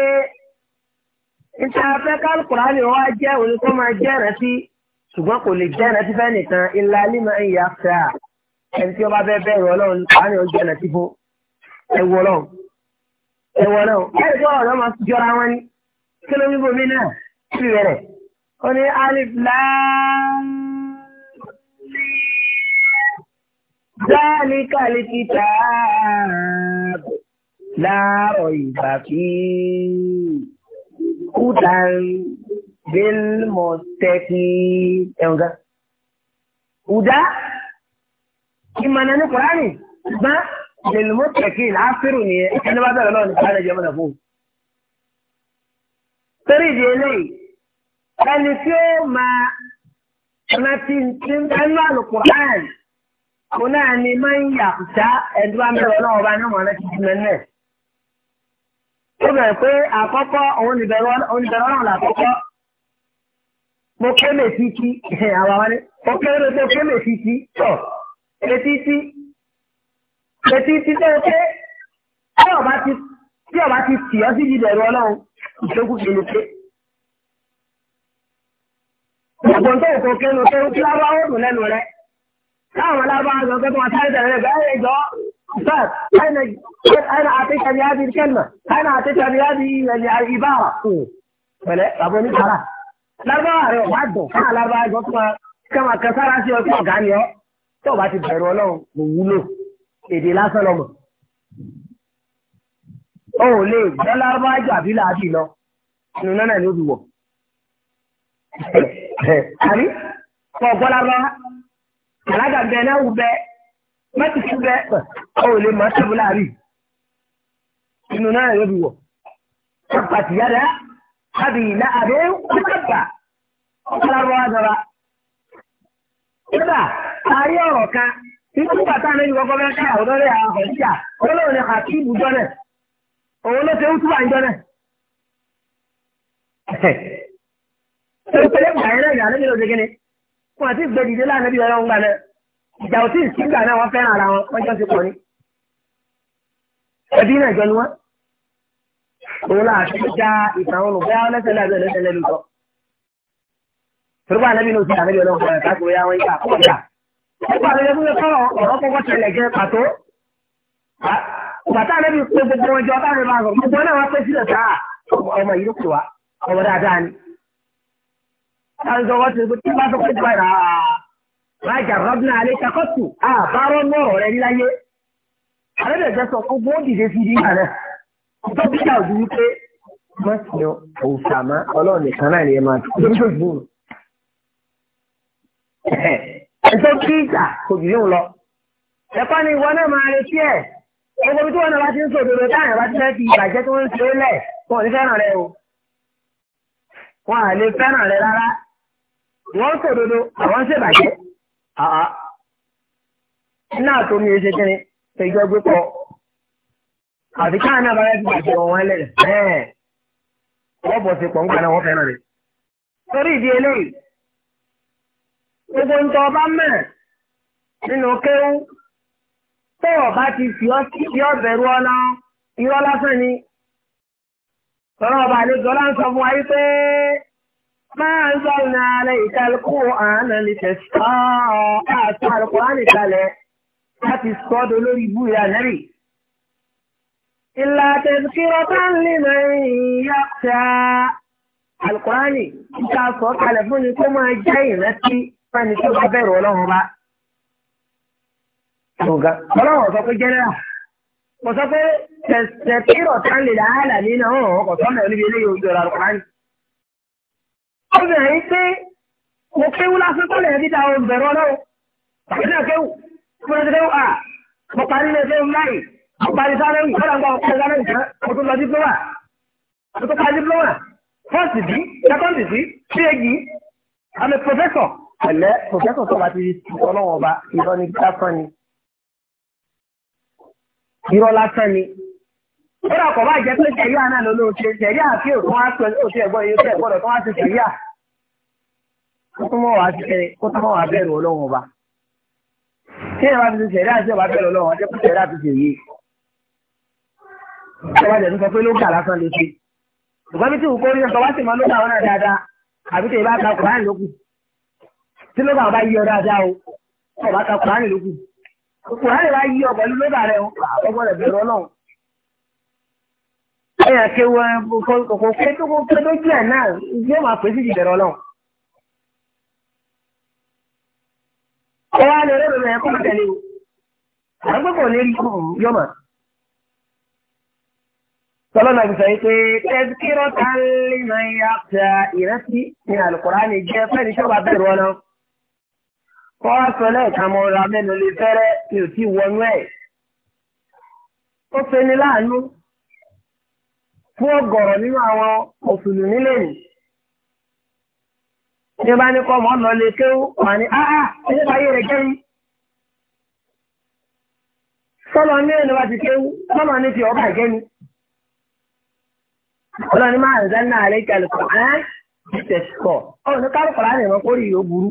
níta fẹ́ kálùkùránì wá jẹ́ òní kó máa jẹ́ rẹ̀ ṣùgbọ́n kò lè jẹ́ rẹ̀ fẹ́ nìkan ìlà lè máa ń yá ṣá ẹni tí wọ́n bá fẹ́ bẹ̀rù ọlọ́run láàrin oúnjẹ ọ̀nà tí fún ẹwọ ọlọ́run ẹwọ ọlọ́run ẹni tí ọ̀rọ̀ máa fi jọra wọn ni kí ló ń bò mí náà sí rẹ̀ ó ní alif láàm ذلك الكتاب لا ريب فيه هدى للمتقين هدى ìmọ̀nà ní kùránì gbọ́n lèlùmọ́ kẹ̀kẹ́ láàfírù ni ẹni bá bẹ̀rẹ̀ lọ́wọ́ ní kùránì jẹ́ mọ́nà fún un. torí ìdí eléyìí ẹni tí ó máa rántí ti ń tẹ́lú àlùkùránì kò náà ni máa ń yà kùtà ẹni bá bẹ̀rẹ̀ lọ́wọ́ bá ní mọ̀nà ti jìnnà náà. ó bẹ̀rẹ̀ pé àkọ́kọ́ òun ìbẹ̀rẹ̀ ọ̀rùn làkọ́kọ́ mo kéme títí àwọn àwọn ni mo kéme títí tọ̀ etiti etiti tó ké tí ọba ti tí ọba ti tì ọ sí ìdìbò ẹ̀rọ ọlọ́run ìṣókù kì í ní ké. ọ̀gbọ̀n tó kò kéwòn kéwòn tí lábá ó dùn lẹ́nu rẹ̀ láwọn lábá ń sọ pé kí wọ́n sáré tẹ̀lé rẹ̀ bẹ́ẹ̀ jọ bẹ́ẹ̀ ẹ̀nà àtẹ̀tẹ̀ ni á di kẹ́nà ẹ̀nà àtẹ̀tẹ̀ ni á di ilẹ̀ ibà pẹ̀lẹ́ bàbá oníkàrà lábá rẹ̀ wà dùn fún alábá ẹ̀jọ̀ tó máa kẹ́ tí o bá ti bẹ̀rù ọlọ́run kò wúlò èdè lásán lọ́mọ. o ò lè gbọ́ lárúbájú àbí làábì lọ inú náà ni ó ti wọ̀. àní kọ́ ọ̀gbọ́ lárúbáwá kàlágà bẹ náà wù bẹ mẹ́tìkú bẹ o ò lè mọ tábù láàbì inú náà ni ó wọ̀. ọ̀pá tìyára àbí ìlà àbí kúkàbà ọ̀gbọ́ lárúbáwá jọra. kódà Àárí ọ̀rọ̀ kan, ikú bàtà lẹ́yìn kọ́kọ́ fẹ́ ká àwọn ọ̀dọ́rẹ́ àwọn ọ̀dọ́jà, olóòrùn ni Hakeem jọ́nà, òun ló ṣe ń túbà ń jọ́nà. Ìpínlẹ̀ Bàyẹ̀rẹ̀ ìyá lẹ́yìn ló ṣe kíni, wọn àti ìgbẹ́dìdé láàrin bí ọlọ́run gbà náà, ìjà òtí ìsìngbà náà wọ́n fẹ́ràn ara wọn, wọ́n jọ ṣe pọ̀ ni. Ẹbí náà jọ ni wọ́n. Òun náà àti já ìtàn òun bẹ́ẹ̀ àwọn lẹ́sẹ̀lẹ́ àbẹ́ lẹ́sẹ̀lẹ́ lóòótọ́. Tòrúbà náà bí ló ṣe àbẹ́bí ọlọ́run gbà náà káàkiri àwọn ìgbà kọ́ ìgbà nípa àlejò fún mi kọ́ ọ̀rọ̀ kọ́kọ́ tẹ̀lẹ̀ jẹ pàtó. bàtà lẹ́bi pé gbogbo wọn jọ báyìí máa sọ̀rọ̀ gbogbo náà wọ́n pé sílẹ̀ tá ọmọ yìí ló pè wá ọmọ dáadáa ni. àjọwọ́ ti tí bá sọ pé jù báyìí rà á jà rọ́bìnà alẹ́ kakọ́tù àbárọ̀ náà rẹ̀ níláyé. àlejò sọ gbogbo ó dìde sí ibi ni ẹ ẹjọ́ bí ìjà kò jù yóò lọ. ẹ̀kọ́ ni ìwọ náà máa retí ẹ̀ gbogbo tí wọn náà bá ti ń sọ òdodo táyà bá ti fẹ́ fi ìbàjẹ́ tí wọ́n ń ṣe lẹ̀ o wọn à lè fẹ́ràn rẹ rárá wọ́n sọ òdodo àwọn ń ṣèbàjẹ́ náà tó ní ṣe kí ni ìjọ gbé pọ̀ àti náà bá ti bàjẹ́ wọn wọn lẹ̀ bẹ́ẹ̀ wọ́n bọ̀ sí gbogbo ń tọ́ ọba mẹ́ nínú kéwú tó ọba ti fi ọ́ sí ibi ọ̀bẹ̀rù ọlá irọ́ lásán ni tọ́rọ ọba àlejò ọlá ń sọ fún wa yí pé máa ń sọ ní alẹ́ ìkálukú àánà lè tẹ̀sán àti àlùkò ànìkalẹ̀ láti sọ́dọ̀ lórí ibú ìyá nẹ́rì. Ìlà tẹ̀síkírọ́ tó ń lè mẹ́rin yá ta Alkùránì, ìta sọ kalẹ̀ fún ni kó máa jẹ́ ìrántí fẹ́ni tí ó bá bẹ̀rù ọlọ́run bá. ọlọ́run sọ pé jẹ́nẹ́rà kò sọ pé tẹ̀sítẹ́rọ̀ tán lè láàlà nínú àwọn ọ̀hún kò sọ́nà níbi eléyìí ojú ọ̀rọ̀ àlùkùránì. ó bẹ̀rẹ̀ yín pé mo kéwú lásán tó lè rí da ohun bẹ̀rù ọlọ́run tàbí náà kéwù mo lọ sí kéwù à mo parí ilé kéwù láì mo parí sáré wù kọ́dà gba ọ̀pọ̀ sáré wù mo tún lọ dípúlọ́mà mo tún parí dípúlọ́mà fọ́ọ̀sì bí sẹ́kọ́ndì bí phd i'm a professor ẹ̀lẹ́ pòfẹ́sọ̀ tó bá ti ọlọ́wọ́ ọba irọ́ ni lásán ni irọ́ lásán ni kódà kò bá jẹ́ pé sẹ̀ríà náà ló ló ṣe sẹ̀ríà kí òkun á sọ òṣù ẹ̀gbọ́n yóò tẹ̀ gbọ́dọ̀ tó wá sí sẹ̀ríà kó tó mọ̀ wá sí kẹrẹ kó tó mọ̀ wá bẹ̀rù ọlọ́wọ́ ọba kí ẹ̀ bá ti sẹ̀ríà sí ọba bẹ̀rù ọlọ́wọ́ ọjọ́ pé ló gà lásán ló ṣe ṣùgbọ́n bí tí tí lóba bá yí ọ dáadáa o ọba ta kùránì lókù kùránì bá yí ọ pẹ̀lú lóba rẹ ọgbọ́n rẹ bẹ̀rẹ̀ ọlọ́run. ẹ̀yà kéwọn kò kédójú ẹ̀ náà yóò máa pèsè ìbẹ̀rẹ̀ ọlọ́run. ẹ wá lè rẹ́rọ̀ rẹ̀ kó má tẹ̀lé o àwọn lè rí yọ̀mọ̀. Sọlọ́nà bí sọ̀rọ̀ pé tẹ́síkírọ́ kan lè máa ń yá ìrántí ní àlùkùránì jẹ́ fẹ́ni tó bá bẹ̀rù ọlọ́run. kọ́ wá sọ ra mẹ́nu lè fẹ́rẹ́ mi ò tí wọnú ẹ̀. ó feni láàánú fún ọ̀gọ̀rọ̀ nínú àwọn mùsùlùmí lẹ́yìn. ma bá ní kọ́ mọ́ lọ lè kéwú wà ní áá ẹni bá rẹ̀ kéwú. sọ́lọ ní ẹni bá ti kéwú sọ́lọ ní ti ọba ìkẹ́ni. ọlọ́ni máa ń ẹ́ ọ̀nà láti kórìí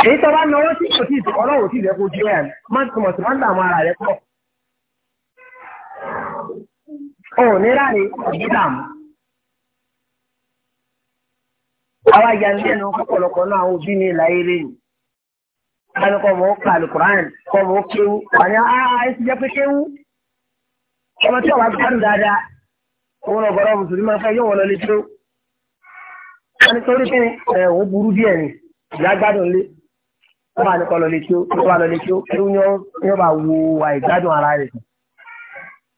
èyí tó bá náwó tí kò tí ọlọ́wọ́ tí ìrẹ́kùn jẹ́ ẹ̀ máa túmọ̀ sí máa ń dààmú ara rẹ̀ pọ̀. ò ní ráre ọ̀gbìn dààmú. àwa ya ní ẹnu ọ̀pọ̀lọpọ̀ náà àwọn òbí ní ìlà eré ni. wọn kọ́ mọ̀ ó ka alukuran kọ́ mọ̀ ó kéwú àní àá ah, ah, ti jẹ́ pé kéwú. ọmọ tí ọba gbádùn dáadáa òun náà bọ̀rọ̀ mùsùlùmí máa fẹ́ yóò wọ́n lọ wọ́n máa ní kọ́ lọ lè kí ó tó bá lọ lè kí ó kí ó yán bá wo àìgbádùn ara rẹ̀.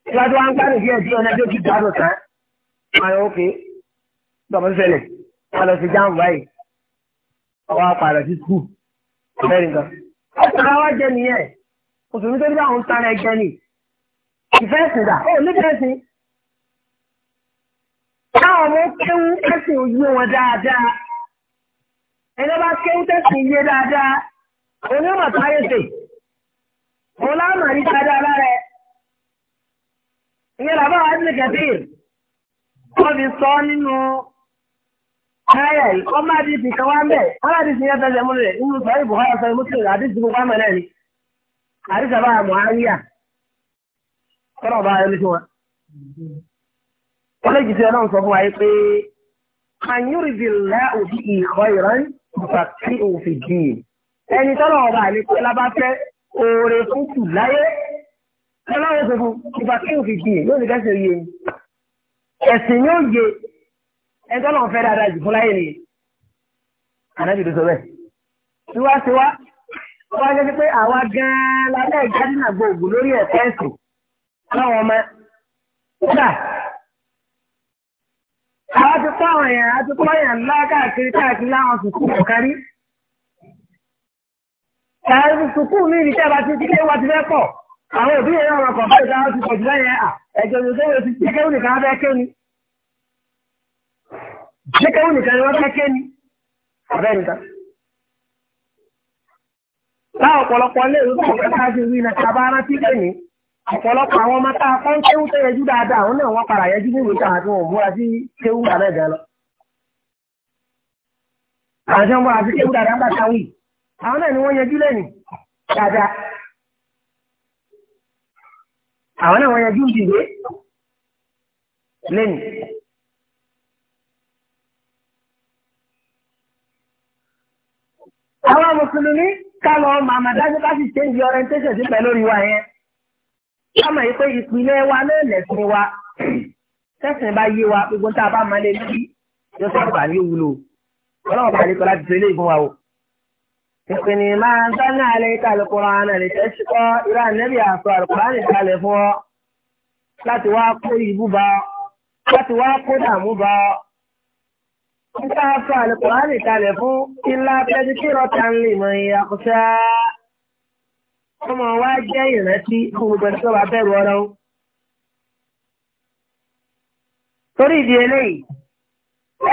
Ìgbádùn wa ń gbádùn díẹ̀ díẹ̀ ọ̀nà tó ti gbádùn tán. Wọ́n á yọ ókè tọ́mọ sẹlẹ̀ wọ́n lọ sí jáàmù báyìí. Àwọn apààrọ̀ ti kú bẹ́ẹ̀ nǹkan. Ọ̀sán wa jẹ́ nìyẹn. Òṣèlú tó ní báwọn ń tara ẹgbẹ́ ni. Ìfẹ́ ẹ̀sìn dà, ó nífẹ̀ẹ́ ẹ̀sìn. Táwọn ọmọ kéwú ẹ̀sìn òye wọn dáadáa. Ẹni bá kéwú tẹ̀sìn iye dáadáa onímọ̀ sáyẹ́ǹsì òun láàmà ní dáadáa lára ẹ̀ ìyẹn làbá wa ní kẹfíìn wọ́n fi sọ nínú káyà yìí wọ́n má di ìkan wá ń bẹ̀ wọ́n má di ìsìn yẹn tẹ̀lé múlẹ̀ nínú sọ ìbò wáyà sọ ìmúsùn rẹ̀ àdìsí gbogbo àmọ́ náà ni àdìsí àbá àmọ́ àríyá kọ́nà ọba ayọ́ lóṣù wọn. wọ́n lè jù sí ọlọ́run sọ fún wa yìí pé àyùrìbìlá òbí ìkọ́ ìrán ìfàkì òfìdí yìí ẹni tọ́lọ̀ ọba àlekọ́ lábá fẹ́ oore fún kù láyé ọlọ́run tuntun ìgbà kí òfin kì í yóò ní kẹ́sì oyè ẹ̀sìn yóò yé ẹni tọ́lọ̀ fẹ́ dáadáa jù fún láyé ni ànábì tó sọ bẹ́ẹ̀ tí wá sí wá jẹ́ pé àwa gan-an lálẹ́ ìgbádùn àgbòògùn lórí ẹ̀kọ́ ẹ̀sìn ọlọ́run ọmọ kódà àwa ti kọ́ àwọn èèyàn àti kọ́ èèyàn ńlá káàkiri láwọn sùkúù kọ̀ọ̀kan ẹ̀rù sùkúù ní ìrìtẹ́ bá ti kíkẹ́ wá ti fẹ́ pọ̀ àwọn òbí yẹn ọ̀rọ̀ kan bẹ́ẹ̀ ti pọ̀ jù lẹ́yìn à ẹ̀jọ̀ ní ti kékeré nìkan fẹ́ ké ni kékeré nìkan ni wọ́n fẹ́ ké ni ọ̀rẹ́ nìkan. ọ̀pọ̀lọpọ̀ ilé ilẹ̀ a bá rántí ní ọ̀pọ̀lọpọ̀ àwọn ọmọ tá a kọ́ ń àwọn náà ni wọ́n yanjú lẹ́yìn dáadáa àwọn náà wọ́n yanjú ìdìbò lẹ́yìn. àwọn mùsùlùmí kálọ̀ màmàdájú bá sì change orientation sí pẹ̀lú orí wa yẹn kámọ̀ yìí pé ìpìlẹ̀ wa náà lẹ̀sìn wa tẹ̀sìn bá yé wa gbogbo tá a bá máa lé lórí yóò sọ̀rọ̀ bá ní wúlò ọlọ́run bá ní kọ́lá ti tẹ̀lé ìgbọ́n wa o ìpìnnì máa ń sánà àlẹ́kà alukùránì àlẹ́kẹ́síkọ́ irú ànẹ́bí àfọ alukùránì kalẹ̀ fún ọ láti wá kó ìbú bá ọ láti wá kó dààmú bá ọ. nípa àfọ alukùránì kalẹ̀ fún ilá pẹ́ẹ́dì kí rọ́tà ń lè mọ iye àkọsá. ọmọ wa jẹ́ ìrántí fún gbogbo ẹni tó bá bẹ̀rù ọlọ́run. torí ìdí eléyìí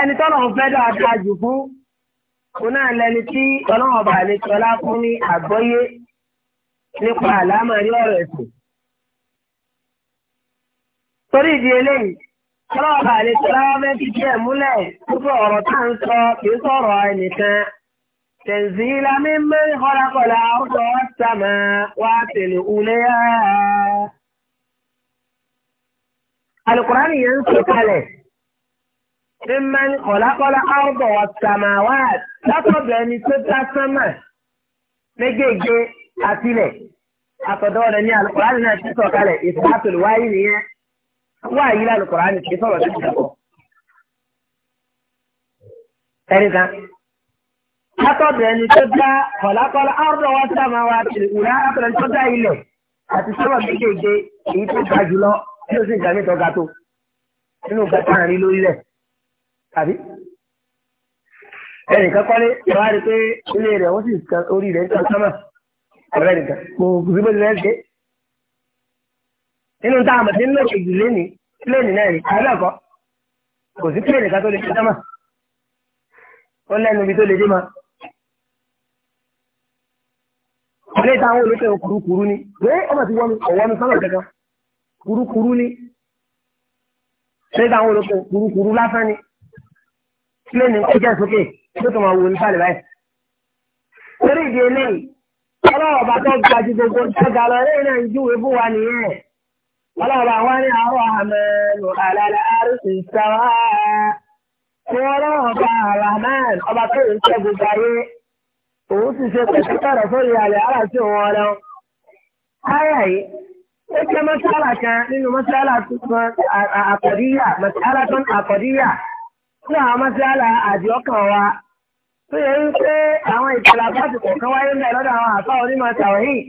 ẹni tọ́lọ̀ ń fẹ́ dáadáa jù fún òun náà lẹni tí ọlọ́run ọba àlejò ọlá fún ní àgbọ́yé nípa àlámọ̀rí ọ̀rọ̀ ẹ̀sìn. torí ìdí eléyìí ọlọ́run ọba àlejò ọlá wọn fẹ́ẹ́ fi díẹ̀ múlẹ̀ púpọ̀ ọ̀rọ̀ tá à ń sọ kìí sọ̀rọ̀ ẹnìkan. تنزيل ممن خلق الأرض والسماوات الأولياء القرآن ينسى عليه Mímán kọ̀lákọ́lá áwùbọ̀ wà sàmáwá látọ̀dọ̀ ẹni tó dá sánmà méjèèjì àtìlẹ̀. Àtọ̀dọ̀ rẹ̀ ní alukùránì náà ti sọ̀ kalẹ̀ ìfúnátòlù wáyé nìyẹn. Wá yí lálukùránì kì í sọ̀rọ̀ sí ìjọba. Ẹni kan. Látọ̀dọ̀ ẹni tó dá kọ̀lákọ́lá áwùbọ̀ wà sàmáwá àtìlẹ̀ ìwúrà látọ̀dọ̀ ẹni tó dá ilẹ̀ àti sọ́wọ́ méjèèjì èyí tó ga jùlọ nínú sí ìjàmítọ́ ga tó nínú gàtà àrí lórí rẹ̀ àbí ẹnìkan kọ́lé ìwà rí pé ilé rẹ̀ ó sì kan orí rẹ̀ ń tàn sánmà ọ̀rẹ́ nìkan kò sí bó ti rẹ̀ ṣe. nínú tá a mọ̀ sí nílò kejì lénìí pílẹ̀nì náà rí aláàkọ́ kò sí pílẹ̀nì kan tó lè ṣe sánmà ó lẹ́nu ibi tó lè dé ma. ilé táwọn olóṣèlú kúrúkúrú ni pé ọmọ ti wọ́n mi ọ̀wọ́ mi sánmà kankan kúrúkúrú ni ilé táwọn olóṣèlú kúrúkúrú lásán ni lónìí ń kọjá sókè tó tó máa wò ní sálẹ̀ báyìí. torí ìdí eléyìí ọlọ́wọ́ bá tó ga ju gbogbo ìtajà lọ eléyìí náà ń júwèé fún wa nìyẹn. ọlọ́wọ́ bá wá ní àárọ̀ àmẹ́nu àlàlẹ́ àrùsì sáwá. ṣé ọlọ́wọ́ bá rahman ọba tó ń ṣe gbogbo ayé òun sì ṣe pẹ̀lú kọ̀rọ̀ sórí àlẹ́ aláṣẹ wọn lọ. ayà yìí ó jẹ́ mọ́sálà kan nínú mọ́sálà tuntun àkọ́díyà mọ́sálà tó ń àkọ́díyà ní àwọn mọ́sálà àti ọkàn wa tó yẹ ń pé àwọn ìpìlẹ̀ àpáàtìkò kan wáyé ń bẹ lọ́dọ̀ àwọn àfa onímọ̀ tàwọ̀hìn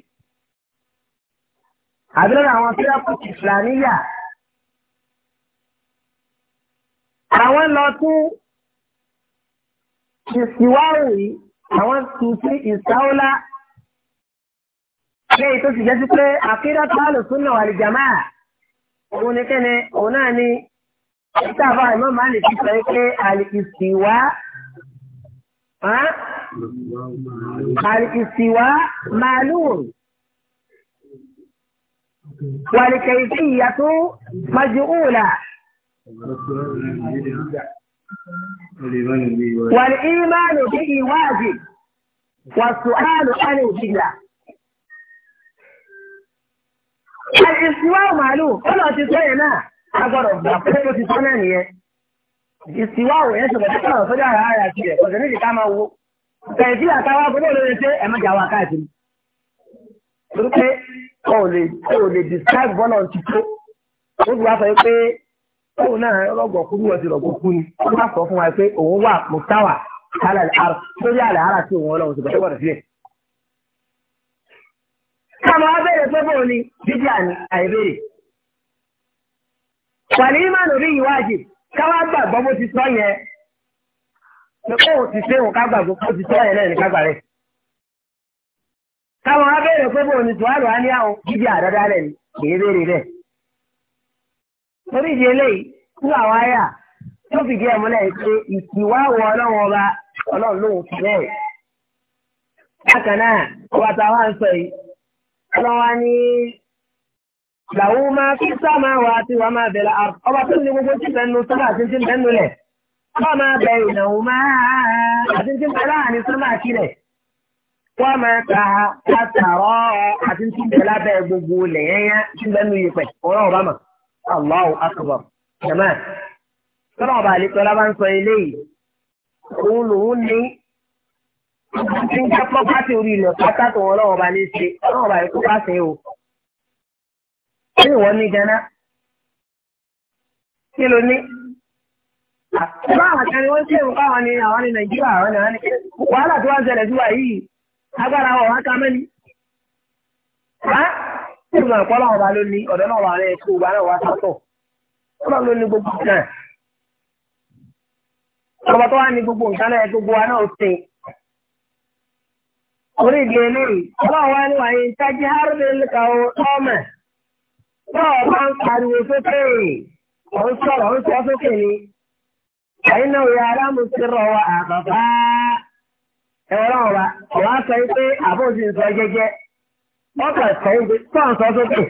àbí lọ́dọ̀ àwọn fílẹ́pù ìsìláníyà. àwọn lọ tún ìsìwáwù yìí àwọn tún sí ìsáwọ́lá lẹ́yìn tó sì jẹ́ sí pé àkídá tó wà lòsùn náà wà lè jàmáà òun ni kẹ́ni òun náà ni. Ìta àbá ìmọ̀ máa lè fi sọ pé àlìkìsìwá àlìkìsìwá màálùm. Wàlìkẹ̀yìtì ìyàtọ̀ Màjúùlà. Wàlìímánù bí ìwáàdì. Wàsùálù ánì ìjìlá. Àlìkìsìwá màálùm, ó lọ ti sọ yẹn náà a gbà pé ó ti tán nìyẹn ìsìwá òwe ṣùgbọ́n tó kàn sójà ara rẹ̀ rẹ̀ kọ̀sẹ̀ nídìí ká máa wo bẹ̀rẹ̀ sí àtàwọn akọ́dọ̀ lóore ṣé ẹ̀ mọ́jà wa káàkiri torí pé o lè o lè describe bọ́ọ̀lù ti tó ó ti wá sọ pé òun náà rọ̀gbọ̀ kú bí wọ́n ti kú ni ó wá sọ fún wa pé òun wà mùtáwà lórí àlẹ́ ara tí òun ọlọ́run ṣùgbọ́n tó gbọ́dọ̀ sílẹ̀ káàmù abẹ́rẹ́ pé bóun ni bíbí àní àìbẹ̀rẹ̀ wàlẹ́ ìmánu rí ìwádìí káwá gbàgbọ́ bó ti sọ yẹn pé òun ti ṣe gbàgbọ́ bó ti sọ yẹn náà ní rẹ̀. káwọn á béèrè pé bóun ni á ní àwọn jíjí àdáda rẹ̀ ní kìí béèrè rẹ̀. torí ìdí eléyìí àwọn tó fìdí ẹ̀ múlẹ̀ pé ọba ọlọ́run làwọn máa fi sáàmà wà àti wà máa bẹ̀rẹ̀ àrùn ọba tó ní gbogbo tí bẹ́ẹ̀ nu sábà àti tí bẹ́ẹ̀ nu lẹ̀ wà máa bẹ̀ ìnáwó máa àti tí bẹ́ẹ̀ láàrin sábà àti rẹ̀ wà máa ta àtàrọ̀ àti tí bẹ́ẹ̀ lábẹ́ gbogbo lẹ̀ tí bẹ́ẹ̀ nu yìí pẹ̀ ọ̀rọ̀ ọba mà Allahu akbar jama sọ́nà ọba àlekọ́lá bá ń sọ eléyìí òun lòun ní ti ń jẹ́ pọ́pátì orí ilẹ̀ pátá tó ní o kí ni wọ́n ní ganá kí ló ní. ni wọ́n ṣe mú káwọn ní àwọn ní Nàìjíríà àwọn ní àwọn ní wàhálà tó wá ń ṣẹlẹ̀ sí wa yìí agbára wọn wá ká mẹ́ni. Bá ìgbà ọ̀pọ̀lọ́ ọba ló ní ọ̀dọ́ náà wà rẹ̀ kó ìgbà tó wá ní gbogbo nǹkan náà gbogbo wa náà Orí ìdí eléyìí, ọba wa ni wàyí ń tají Harvey Lukao Thomas bọ́ọ̀ bá ń pariwo sókè ọ̀ ń sọ̀rọ̀ ń sọ sókè ni. ẹ̀yin náà yà aláàmú ti rọ̀ wá àbàbá ẹ̀wọ̀n náà wá ọ̀wá sọ pé àbòsí ń sọ jẹ́jẹ́ ọkọ̀ sẹ́yìn pé tó ń sọ sókè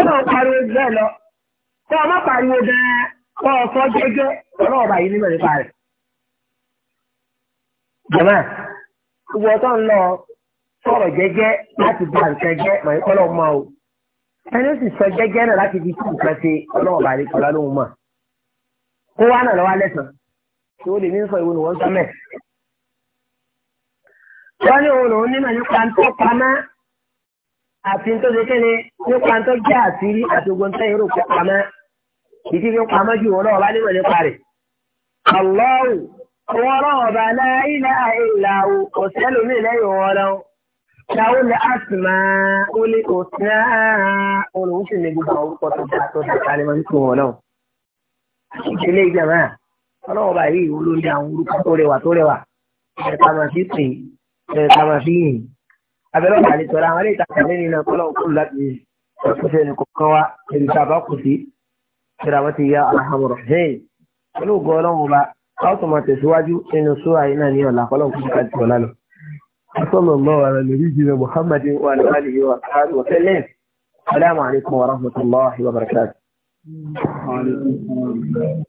tó ń pariwo bẹ́ẹ̀ lọ tó ọmọ pariwo gan-an kó sọ jẹ́jẹ́ ọlọ́ọ̀bà yìí nílò nípa rẹ̀. jọ̀mọ́ gbogbo ọ̀tọ̀ ń lọ sọ̀rọ̀ jẹ́jẹ́ láti bá nǹkan jẹ́ màá kọ́ lọ́ọ́ mọ́ ẹni sì sọ jẹ́jẹ́ náà láti fi kí nǹkan ṣe ọlọ́wọ́ bá rí kọlá lóhùn mọ̀ kó wá náà lọ́wọ́ lẹ́sàn tí ó lè ní sọ ìwé ni wọ́n sọ mẹ́. wọ́n ní òun lòun nímọ̀ nípa tó pamọ́ àti tó ṣe kéde nípa tó jẹ́ àṣírí àti ogun tẹ́ ìrò kó pamọ́ ìdí fi pamọ́ ju òun náà wá nímọ̀ nípa rẹ̀. àlọ́wù òun ọlọ́wọ́ bá láyé láàyè ìlà òṣèlú mi lẹ́yìn òun ọlọ́wọ́. Ṣáwó lè áàtì máa ó lé òsín áá olùwú sì ní gbogbo àwọn orúkọ tó dá tó dá kálẹ̀ máa ń tún wọn náà. Ìdílé ìjàmbá ọlọ́wọ́ báyìí ìwò ló ní àwọn orúkọ tó rẹwà tó rẹwà. Ẹ̀ka máa fi sìn ẹ̀ka máa fi yìn. Abẹ́rẹ́ ọ̀gá lè tọ́ra àwọn ẹlẹ́ta kan lẹ́nu iná kọ́lọ́ òkú láti ọ̀túnṣe ní kọ̀ọ̀kan wá ẹ̀rí tá a bá kù sí. Ṣẹ̀rà wọ́n ti yá alhamdulilayi. Ṣéyìn olóògùn ọlọ́wọ́ bá a ó tún máa tẹ̀síwájú nínú súwáyé náà ní ọ̀la kọ́lọ́ òkú láti ọ̀la lọ sallallahu ala nabiyyina muhammadin wa ala alihi wa sahbihi wa sallam assalamu alaikum wa rahmatullahi wa barakatuh